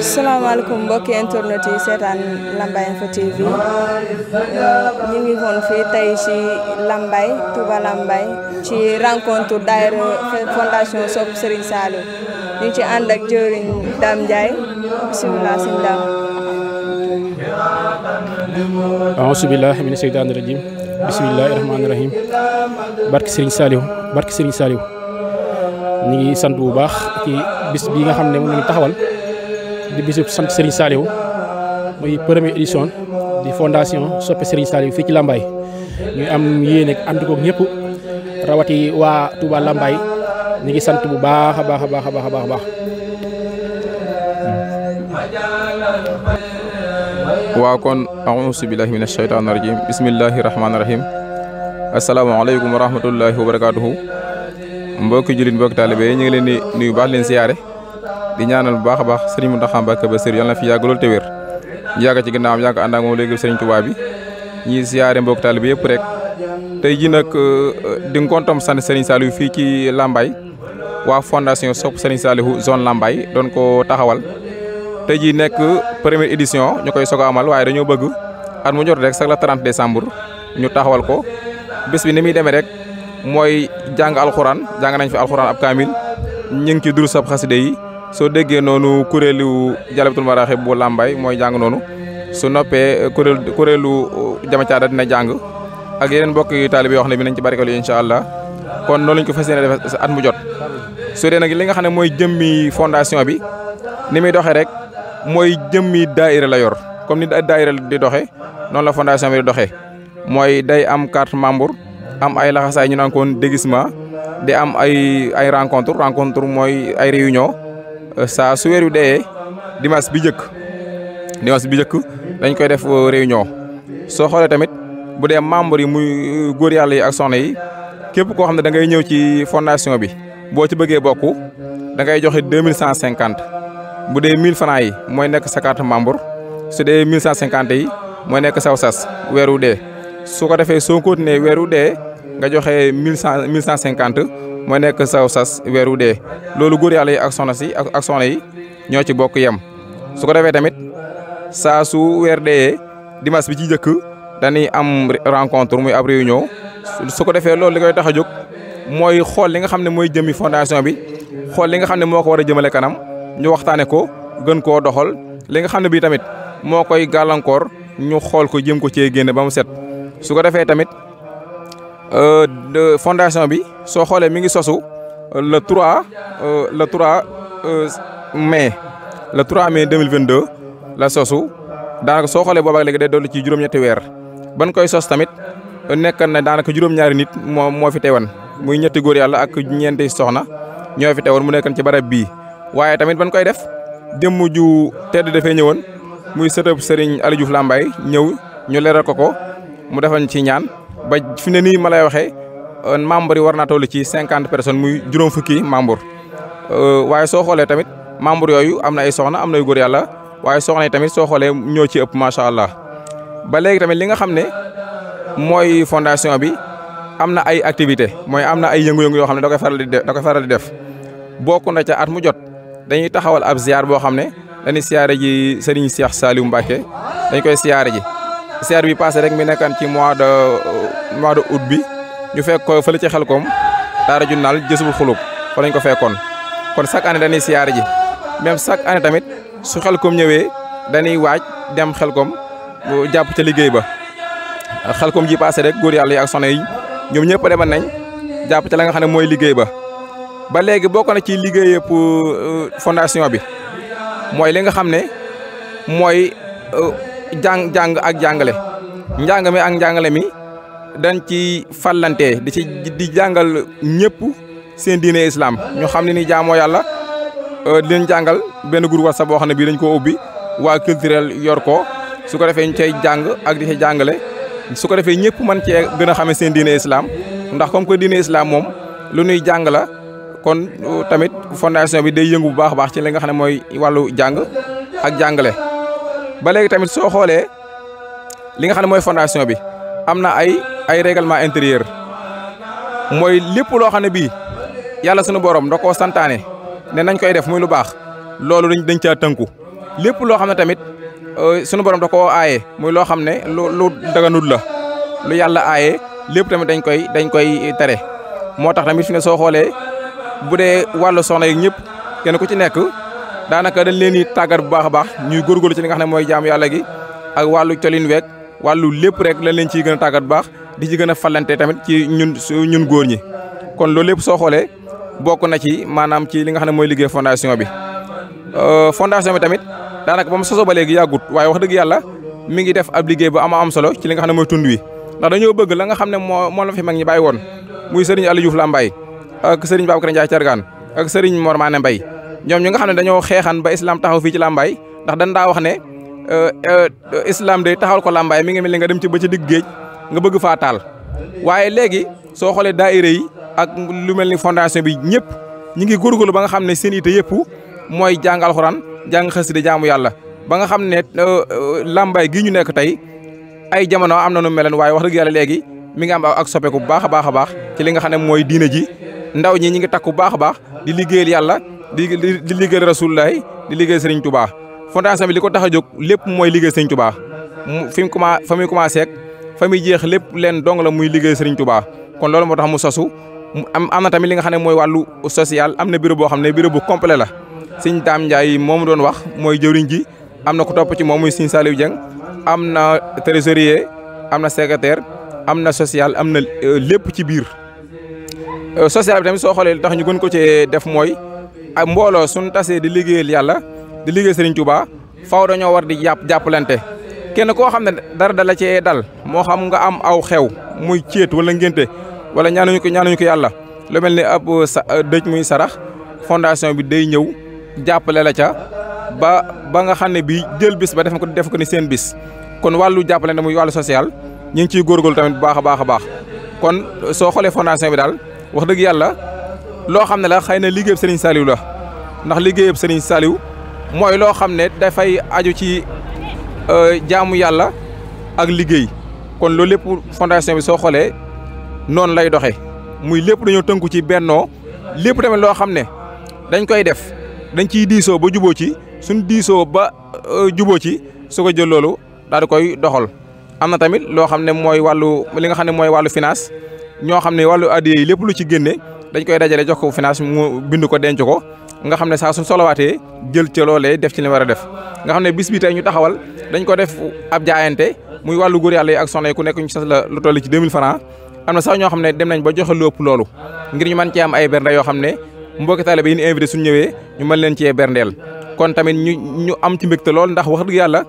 salaamaaleykum mbokki internet yi seetaan Lambaye Info TV ñu ngi woon fii tey ci Lambaye Touba Lambaye ci rencontre daayira fondation Sopp Serigne Saliou ñu ngi ci ànd ak jëriñ Dame Ndiaye bisimilah sëñ Dame. aouzu billahi mina seytaani rajim bisimilahi rahmaani rahim barki Serigne Saliou Serigne ngi bu bis bi nga mo di bisub sant Serigne saliw muy premier edition di fondation soppe Serigne saliw fi ci Lambaye ñu am yene ak ko koog rawati wa Touba Lambaye ñu ngi sant bu baax a baax a baax a baax bah, kon auzu billahi minash shaitanir rajim bismillahir rahmanir rahim asalaamaaleykum wa rahmatullahi wa barakaatuhu mbokki Mbok mbokki taalibe yi ngi leen di nuyu baax leen ziaré di ñaanal bu baax a baax sëriñ Mountakha Mbacké ba yàlla yalla fi yagulul te wer yag ci ginnaawam yag andak mo moom serigne Touba bi ñi ziaré mbok talib yépp rek tay ji nak euh, di ngontom sant serigne Saliou fi ci lambay wa fondation sop serigne Saliou zone lambay don ko taxawal tay ji nek première édition ñukoy soga a amal waaye dañu bëgg at mu ñor rek sax la 30 décembre ñu taxawal ko bés bi ni muy rek moy jang alxuraan jang nañ fi alxuraan ab kamil ñing ci durus ab yi soo déggee noonu kuréelu jalabatul bu làmbaay mooy jàng noonu su noppee eh, kuréel kuréelu eh, jama caada dina jàng ak yeneen mbokk yi taalib yoo xam ne bi nañ ci barkeelu incha allah kon noonu lañ ko fas yéene def at mu jot. su dee nag li nga xam ne mooy jëmmi fondation bi ni muy doxee rek mooy jëmmi daaira la yor comme ni daaira di doxee noonu la fondation bi di doxee mooy day am carte membre am ay laxasaay ñu naan koon di am ay ay rencontre rencontre mooy ay réunion Euh, saa su weer wi deyee dimanche bi njëkk dimanche bi njëkk dañ koy def euh, réunion soo xoolee tamit bu dee membre yi muy euh, góor yàlla yi ak soxna yi képp koo xam ne da ngay ñëw ci fondation bi boo ci bëggee bokk da ngay joxe deux mille cent cinquante bu dee mille francs yi mooy nekk sa carte membre su dee mille cent yi mooy nekk saw sas weeru dee su ko defee soo ne weeru dee nga joxe mille cent mille cent cinquante mooy nekk saw sas weeru dee loolu góor yàlla yi ak soxna si ak soxna yi ñoo ci bokk yem su ko defee tamit saa su weer dee dimanche bi ci njëkk dañuy am rencontre muy ab réunion su ko defee loolu li koy tax a jóg mooy xool li nga xam ne mooy jëmmi fondation bi xool li nga xam ne moo ko war a jëmale kanam ñu waxtaane ko gën koo doxal li nga xam ne bii tamit moo koy gàllankoor ñu xool ko jëm ko cee génne ba mu set su ko defee tamit Euh, fondation bi soo xoolee mi ngi sosu euh, le 3 euh, le 3 mais le 3 mai 2022 la sosu daanaka soo xoolee boobaag léegi day dolli ci juróom-ñetti weer ban koy sos tamit nekkan na daanaka juróom-ñaari nit moo moo fi teewan muy ñetti góor yàlla ak ñeenti soxna ñoo fi teewoon mu nekkan ci barab bii. waaye tamit ban koy def jëmm ju tedd dafee ñëwoon muy sëtëb Serigne Aliou Diouf Lambaye ñëw ñu leeral ko ko mu defan ci ñaan. ba fi ne nii ma lay waxee euh, membre yi warna tolu ci 50 personnes muy juróom fukki membre euh, waye so xoolee tamit membre yoyu amna ay soxna amna ay góor yalla waye soxna tamit so xoolee ñoo ci ëpp machallah ba légui tamit li nga xam moy fondation bi amna ay activité moy amna ay yëngu-yëngu yo xam da koy faral di da koy faral di def bokku na ci at mu jot dañuy taxawal ab ziar bo xam dañuy ji Serigne Cheikh salim Mbacké dañ koy siyaare ji siyar bi passé rek mi nekkan ci mois de euh, mois de août bi ñu fekk ko fële ci Xelkom daara ju naal jësubul xulub fa lañ ko fekkoon kon chaque année dañuy siyaare ji même chaque année tamit su koom ñëwee dañuy waaj dem xel Xelkom jàpp ca liggéey ba Xelkom ji passé rek góor yàlla yi ak soxna yi ñoom ñëpp demoon nañ jàpp ca la nga xam ne mooy liggéey ba ba léegi bokk na ci liggéey yëpp euh, fondation bi mooy li nga xam ne mooy euh, jàng jàng ak jàngale njàng mi ak njàngale mi dañ ci fallantee di ci di jàngal ñëpp seen diine islam ñu xam ne ni jaamoo yàlla euh, di leen jàngal benn groupe whatsapp boo xam ne bii dañ ko ubbi waa culturel yor ko su ko defee ñu cay jàng ak di ca jàngale su ko defee ñëpp mën cee gën a xamee seen diine islam ndax comme que diine islam moom lu nuy jàng kon euh, tamit fondation bi day yëngu bu baax a baax ci li nga xam ne mooy wàllu jàng ak jàngale. ba léegi tamit soo xoolee li nga xam ne mooy fondation bi am na ay ay règlement intérieur moy lepp lo xamné bi, yalla suñu sunu borom da koo santaane ne nañ koy def muy lu bax lolu dañ dañ ca tënku lepp lo xamné tamit euh, sunu borom da koo aaye muy lo xamné ne lu lu daganut la lu yalla ayé lepp tamit dañ koy dañ koy téré motax tamit fi ne so xolé budé walu soxna yi ñepp kene ku ci nekk daanaka dañ leen ni tagar bu baax baax ñuy gorgolu ci nga xamné ne jaamu gi ak walu cholin wek walu lepp rek lañ leen ci gëna tagat baax di ci gën a falante tamit ci ñun ñun góor ñi kon loolu lépp soo xoolee bokk na ci maanaam ci li nga xam ne mooy liggéey fondation bi euh, fondation bi tamit daanaka ba mu sosoo ba léegi yàggut waaye wax dëgg yàlla mi ngi def ab liggéey bu am am solo ci li nga xam ne mooy tund wi ndax dañoo bëgg la nga xam ne moo moo la fi mag ñi bàyyi woon muy sëriñ Aliou Diouf Lambaye ak sëriñ Babacar Ndiaye Thiargane ak sëriñ Mor Mané Mbaye ñoom ñu nga xam ne dañoo xeexan ba islam taxaw fii ci Lambaye ndax dañ daa wax ne euh, euh, islam day taxawal ko Lambaye mi ngi mel ni nga dem ci ba ci digg nga bëgg faa waaye léegi soo xoolee daayira yi ak lu mel ni fondation bi ñëpp ñi ngi góorgóorlu ba nga xam ne seen ite yëpp mooy jàng alxuraan jàng xasida jaamu yàlla ba nga xam ne euh, euh, làmbaay gi ñu nekk tey ay jamono am na nu meloon waaye wax dëgg yàlla léegi mi ngi am ak soppeeku bu baax a baax a baax ci li nga xam ne mooy diine ji ndaw ñi ñi ngi takku bu baax a baax di liggéeyal yàlla di di liggéeyal rasulullahi di liggéeyal Serigne Touba fondation bi li ko tax a jóg lépp mooy liggéey Serigne Touba fi mu commencé fa jeex lépp leen dong la muy liggéey Serigne Touba kon loolu moo tax mu sosu am am na tamit li nga xam ne mooy wàllu social am na bureau boo xam ne bureau bu complet la Serigne Dame Ndiaye moomu doon wax mooy jëwriñ ji am na ku topp ci moom muy Serigne Saliou Dieng am na trésorier am na secrétaire am na social am na euh, lépp ci biir euh, social bi tamit soo xoolee li tax ñu gën ko cee def mooy mbooloo suñ tasee di liggéeyal yàlla di liggéey Serigne Touba faw dañoo war di jàpp jàppalante kenn koo xam ne dara dala cee dal moo xam nga am aw xew muy céet wala ngénte wala ñu ko ñaanuñu ko yàlla lu mel ni ab sa euh, muy sarax fondation bi day ñëw jàppale la ca ba ba nga xam ne bi jël bis ba def ko def ko ni seen bis kon wàllu jàppale na muy wàllu social ñu ngi ciy góorgóorlu tamit bu baax a baax a baax kon soo xoolee fondation bi daal wax dëgg yàlla loo xam ne la xëy na liggéeyub Serigne Saliou la ndax liggéeyub Serigne saliw mooy Euh, jaamu yàlla ak liggéey kon loolu lépp fondation bi soo xoolee noonu lay doxee muy lépp dañoo tënku ci bennoo lépp tamit loo xam ne dañ koy def dañ ciy diisoo ba juboo ci suñ diisoo ba euh, juboo ci su ko jël loolu daal koy doxal am na tamit loo xam ne mooy wàllu li nga xam ne mooy wàllu finance ñoo xam ne wàllu addiya lépp lu ci génne dañ koy dajale jox ko finance mu bind ko denc ko nga xam ne saa suñ solowaatee jël ca loolee def ci li war a def nga xam ne bis bi ñu taxawal dañ ko def ab jaayante muy wàllu góor yàlla yi ak soxna yi ku nekk ñu sas la lu toll ci 2000 francs am na sax ñoo xam ne dem nañ ba joxe lu loolu ngir ñu mën cee am ay bernde yoo xam ne mbokki taalibe yi ñu invité suñ ñëwee ñu mën leen cee berndeel kon tamit ñu ñu am ci mbégte lool ndax wax dëgg yàlla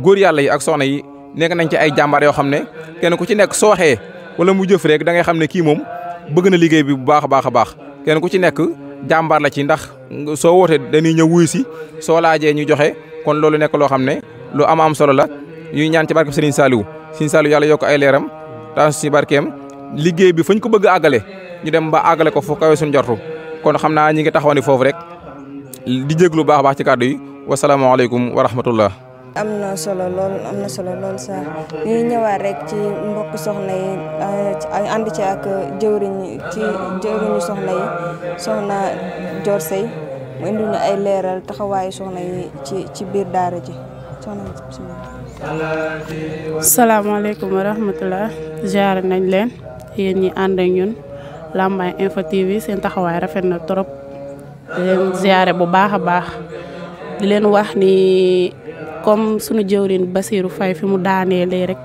góor yàlla yi ak soxna yi nekk nañ ci ay jàmbaar yoo xam ne kenn ku ci nekk soo waxee wala mu jëf rek da ngay xam ne kii moom bëgg na liggéey bi bu baax a baax a baax ku ci nekk jàmbaar la ci ndax soo wootee dañuy ñëw wuy si soo laajee ñu joxe kon loolu nekk loo xam ne lu am am solo la ñuy ñaan ci barkeem Serigne Saliou Serigne Saliou yàlla yokk ay leeram taas ci barkeem liggéey bi fañ ko bëgg a ñu dem ba àggale ko fu kawe suñu jortu kon xam naa ñi ngi taxaw ni foofu rek di jéglu baax baax ci kàddu yi wasalaamaaleykum wa rahmatullah am na solo lool am na solo lool sax ñuy ñëwaat rek ci mbokk soxna yi ànd ci ak jëwriñ ci jëwriñu soxna yi soxna Dior Seye mu indi ñu ay leeral taxawaayu soxna yi ci ci biir daara ji soxna salaamaaleykum wa rahmatulah ziare nañ leen yéen ñi ànd ak ñun Lambaye Info TV seen taxawaay rafet na trop leen ziare bu baax a baax di leen wax ni. comme sunu jëwrin basiiru fay fi mu daanee daaneelee rek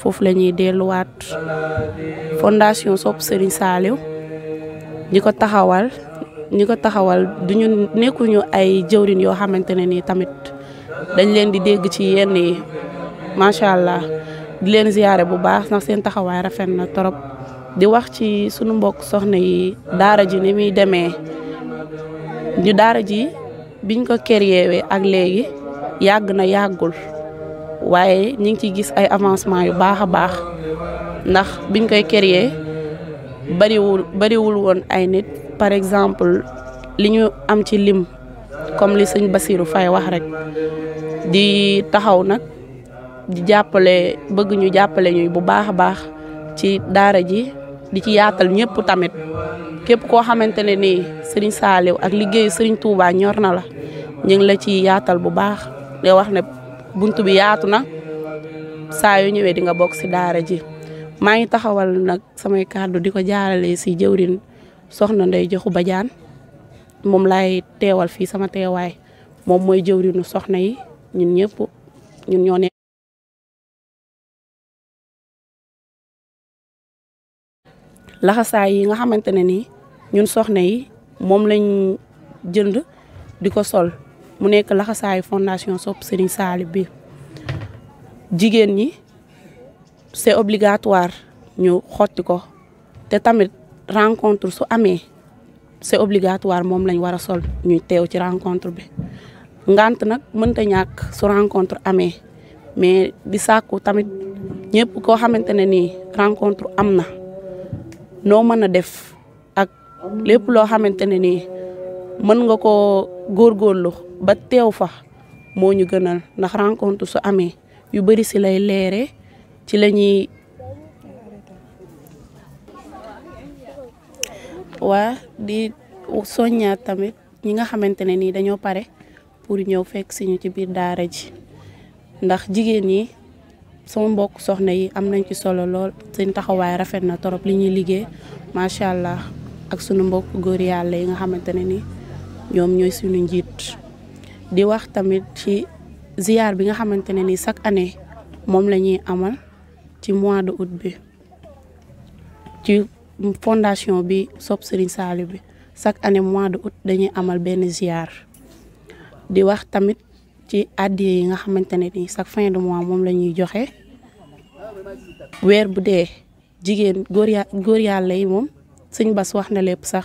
foofu la ñuy delluwaat fondation Sopp Serigne Saliou ñi ko taxawal ñi ko taxawal duñu nekkuñu ay jëwrin yoo xamante ne nii tamit dañ leen di dégg ci yenn yi macha allah di leen ziyaare bu baax ndax seen taxawaay rafet na torop di wax ci sunu mbokk soxna yi daara ji ni muy demee ñu daara ji biñ ko créé ak léegi yàgg na yàggul waaye ñu ngi ciy gis ay avancement yu baax a baax ndax biñ koy créer bariwul bariwul woon ay nit par exemple li ñu am ci lim comme li sëñ Basiru Fay wax rek di taxaw nag di jàppale bëgg ñu jàppale ñuy bu baax a baax ci daara ji di ci yaatal ñëpp tamit képp koo xamante ne nii sëriñ Saaliw ak liggéeyu sëriñ Tuubaa ñor na la ñu ngi la ci yaatal bu baax di wax ne bunt bi yaatu na saa yu ñëwee di nga bokk si daara ji maa ngi taxawal nag samay kàddu di ko jaarale si jëwrin soxna Ndey Joxu bajaan moom lay teewal fii sama teewaay moom mooy jëwrinu soxna yi ñun ñëpp ñun ñoo ne yi nga xamante ne ni ñun soxna yi moom lañ jënd di ko sol mu nekk laxasaayu fondation Sopp Serigne Saliou bi jigéen ñi c'est obligatoire ñu xotti ko te tamit rencontre su amee c'est obligatoire moom lañ war a sol ñuy teew ci rencontre bi ngant nag mënta ñàkk su rencontre amee mais di sàkku tamit ñëpp koo xamante ne nii rencontre am na noo mën a def ak lépp loo xamante ne nii mën nga koo góorgóorlu ba teew fa moo ñu gënal ndax rencontre su amee yu bari si lay ci lañuy di soññaat tamit ñi nga xamante ne nii dañoo pare pour ñëw fekk si ci biir daara ji ndax jigéen ñi sama mbokk soxna yi am nañ ci solo lool seen taxawaay rafet na torop li ñuy liggéey macha ak sunu mbokk góor yàlla yi nga xamante ne ñoom ñooy suñu njiit di wax tamit ci ziar bi nga xamante ne nii chaque année moom la ñuy amal ci mois de août bi ci fondation bi Sope Serigne Saliou bi chaque année mois de août dañuy amal benn ziar di wax tamit ci addiya yi nga xamante ne ni chaque fin de mois moom la ñuy joxe weer bu dee jigéen góor ya góor yàlla yi moom sëñ Bass wax na lépp sax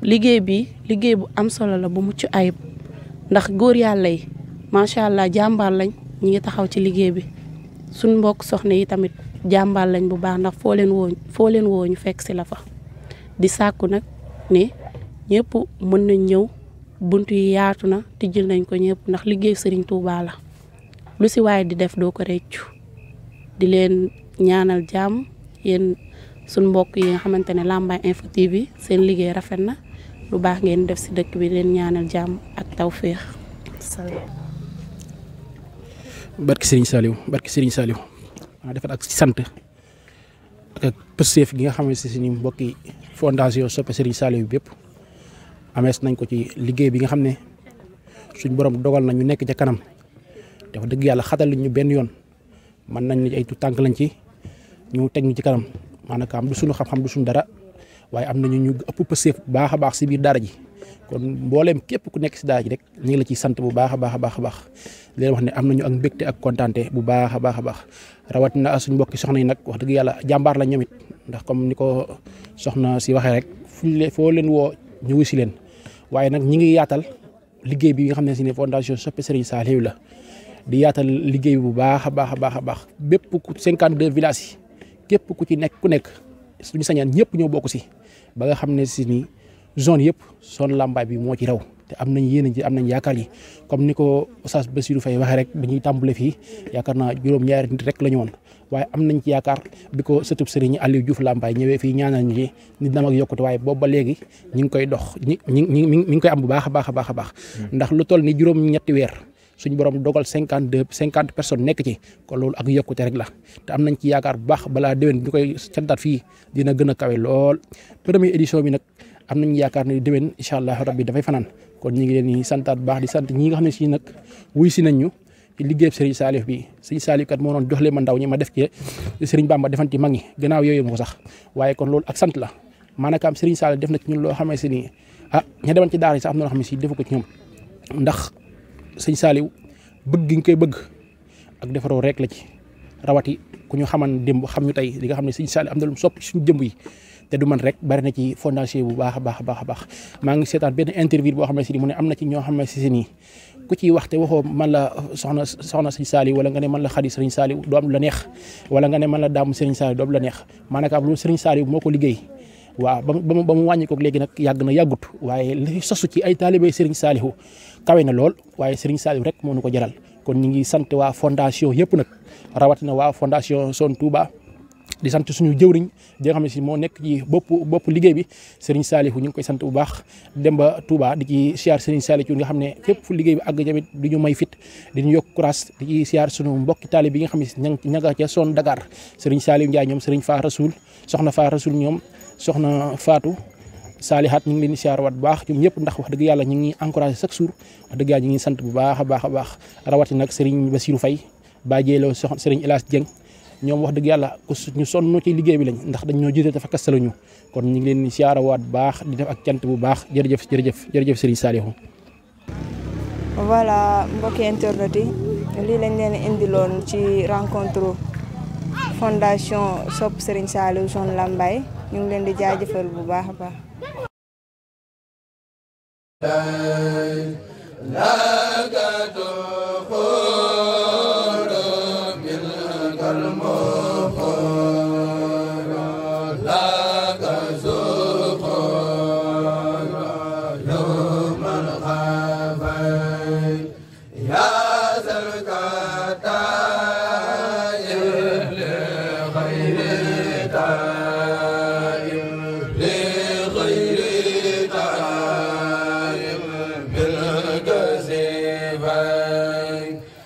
liggéey bi liggéey bu am solo la bu mucc ayib ndax góor yàlla yi macha allah jàmbaar lañ ñi ngi taxaw ci liggéey bi suñ mbokk soxna yi tamit jàmbaar lañ bu baax ndax foo leen woo foo leen woo ñu fekk si la fa di sàkku nag ni ñëpp mën nañ ñëw bunt yi yaatu na tijjil nañ ko ñëpp ndax liggéey sëriñ Tuubaa la lu si waaye di def doo ko réccu di leen ñaanal jàmm yéen suñ mbokk yi nga xamante ne Lambaye Info TV seen liggéey rafet na lu baax ngeen def ci dëkk bi leen ñaanal jàmm ak tawféex barki sëriñ saliw barki sëriñ saliw waaw ak sant ak ak pësteef gi nga xamé ci si mbokki fondation sopé sëriñ saliw bi yëpp amees nañ ko ci liggéey bi nga xamné suñ borom dogal na ñu nekk ci kanam dafa dëgg yàlla xatal ñu benn yoon man nañ ni ay tu tànk lañ ci ñu teg ñu ci kanam maanaam du suñu xam-xam du suñu dara waaye am na ñu ñu pëseef bu baax a baax si biir daara ji kon mbooleem képp ku nekk si daara ji rek ñu ngi la ciy sant bu baax a baax a baax a baax leen wax ne am nañu ak mbégte ak kontante bu baax a baax a baax rawatina suñu mbokki soxna yi nag wax dëgg yàlla jàmbaar la ndax comme ni ko soxna si waxee rek fuñ leen foo leen woo ñu si leen waaye nag ñi ngi yaatal liggéey bi nga xam ne si ne fondation Soppe Serigne Saliou la di yaatal liggéey bu baax a baax a baax a baax bépp ku 52 villages yi képp ku ci nekk ku nekk suñu sañaan ñëpp ñoo bokku si ba nga xam ne si ni zone yëpp zone làmbaay bi moo ci raw te am nañ yéen ji am nañ yaakaar yi comme ni ko Oustaz Bassirou fay waxee rek bi ñuy tàmbale fii yaakaar naa juróom-ñaari nit rek la ñu woon waaye am nañ ci yaakaar bi ko sëtub sëriñ Aliou Diouf Lambaye ñëwee fii ñaanal ñu ci nit dama ak yokkute waaye boobu ba léegi ñi ngi koy dox ñi ñi mi ngi koy am bu baax a baax a baax a baax mm. ndax lu toll ni juróom ñetti weer suñu borom dogal 52 50 personnes nek ci ko lool ak yokkute rek la te am nañ ci yaakar bax bala balaa déwén ñu koy cantaat fi dina gëna kawé lool première édition bi nak am nañ yaakaar ne déwén incha allah rabbi dafay fanaan kon ñi ngi leen di santat bax di sant ñi nga xam ci nak wuy ci nañu ci liggéey Serigne Salif bi Serigne Salif kat non dox joxle man daw ñi ma def ci Serigne Bamba defanti mag ñi gannaaw yooyu sax waaye kon lool ak sant la maanaam Serigne Salif def nak ñun lo xamé ci ni ah ñi demoon ci daara sax am na loo xam defu ko ci ñom ndax sëñ saaliw bëgg gi nga koy bëgg ak defaroo rek la ci rawati ku ñu xaman démb xam ñu tey li nga xam ne sëñ saaliw am na lu mu sopp suñ jëmb yi te du man rek bari na ci fondation bu baax a baax a baax baax maa ngi seetaan benn interview boo xam ne si mu ne am na ci ñoo xam ne si nii ku ciy wax te waxoo man la soxna soxna sëñ saaliw wala nga ne man la xarit sëriñ saaliw du am la neex wala nga ne man la daamu sëriñ saaliw du am neex maanaam lu sëriñ saaliw moo ko liggéey waaw ba mu ba mu wàññi ko léegi nag yàgg na yàggut waaye li sosu ci ay taalibé Serigne Saliou kawe na lool waaye Serigne Saliou rek moo nu ko jaral kon ñu ngi sant waa fondation yëpp nag rawatina waa fondation Son Touba di sant suñu jëwriñ di nga xam ne si moo nekk ci bopp bopp liggéey bi Serigne Saliou ñu ngi koy sant bu baax dem ba Touba di ci siyaar Serigne Saliou nga xam ne fépp liggéey bi àgg tamit di ñu may fit di ñu yokk courage di ci siyaar suñu mbokki taalib bi nga xam ne si ña nga ca son dagar Serigne Saliou Ndiaye ñoom Serigne Fa Rasoul soxna Fa Rasoul ñoom soxna Fatou Salihat ñu ngi leen di wat waat bu baax ñoom ñëpp ndax wax deug yalla ñi ngi encourager chaque jour wax deug yalla ñi ngi sante bu baaxa baaxa baax rawati nak Serigne basirou fay Badjie Lo soxna Serigne Elas Dieng ñom wax deug yalla ku ñu sonno ci liggéey bi lañ ndax dañ ñoo jité dafa ñu kon ñi ngi leen di siyaara baax di def ak cant bu baax jërëjëf jërëjëf jërëjëf Serigne Salihou. voilà mbokki internet yi li lañ leen ci rencontre fondation sop Serigne son lambay ñu ngi leen di jaajëfal bu baax a baax.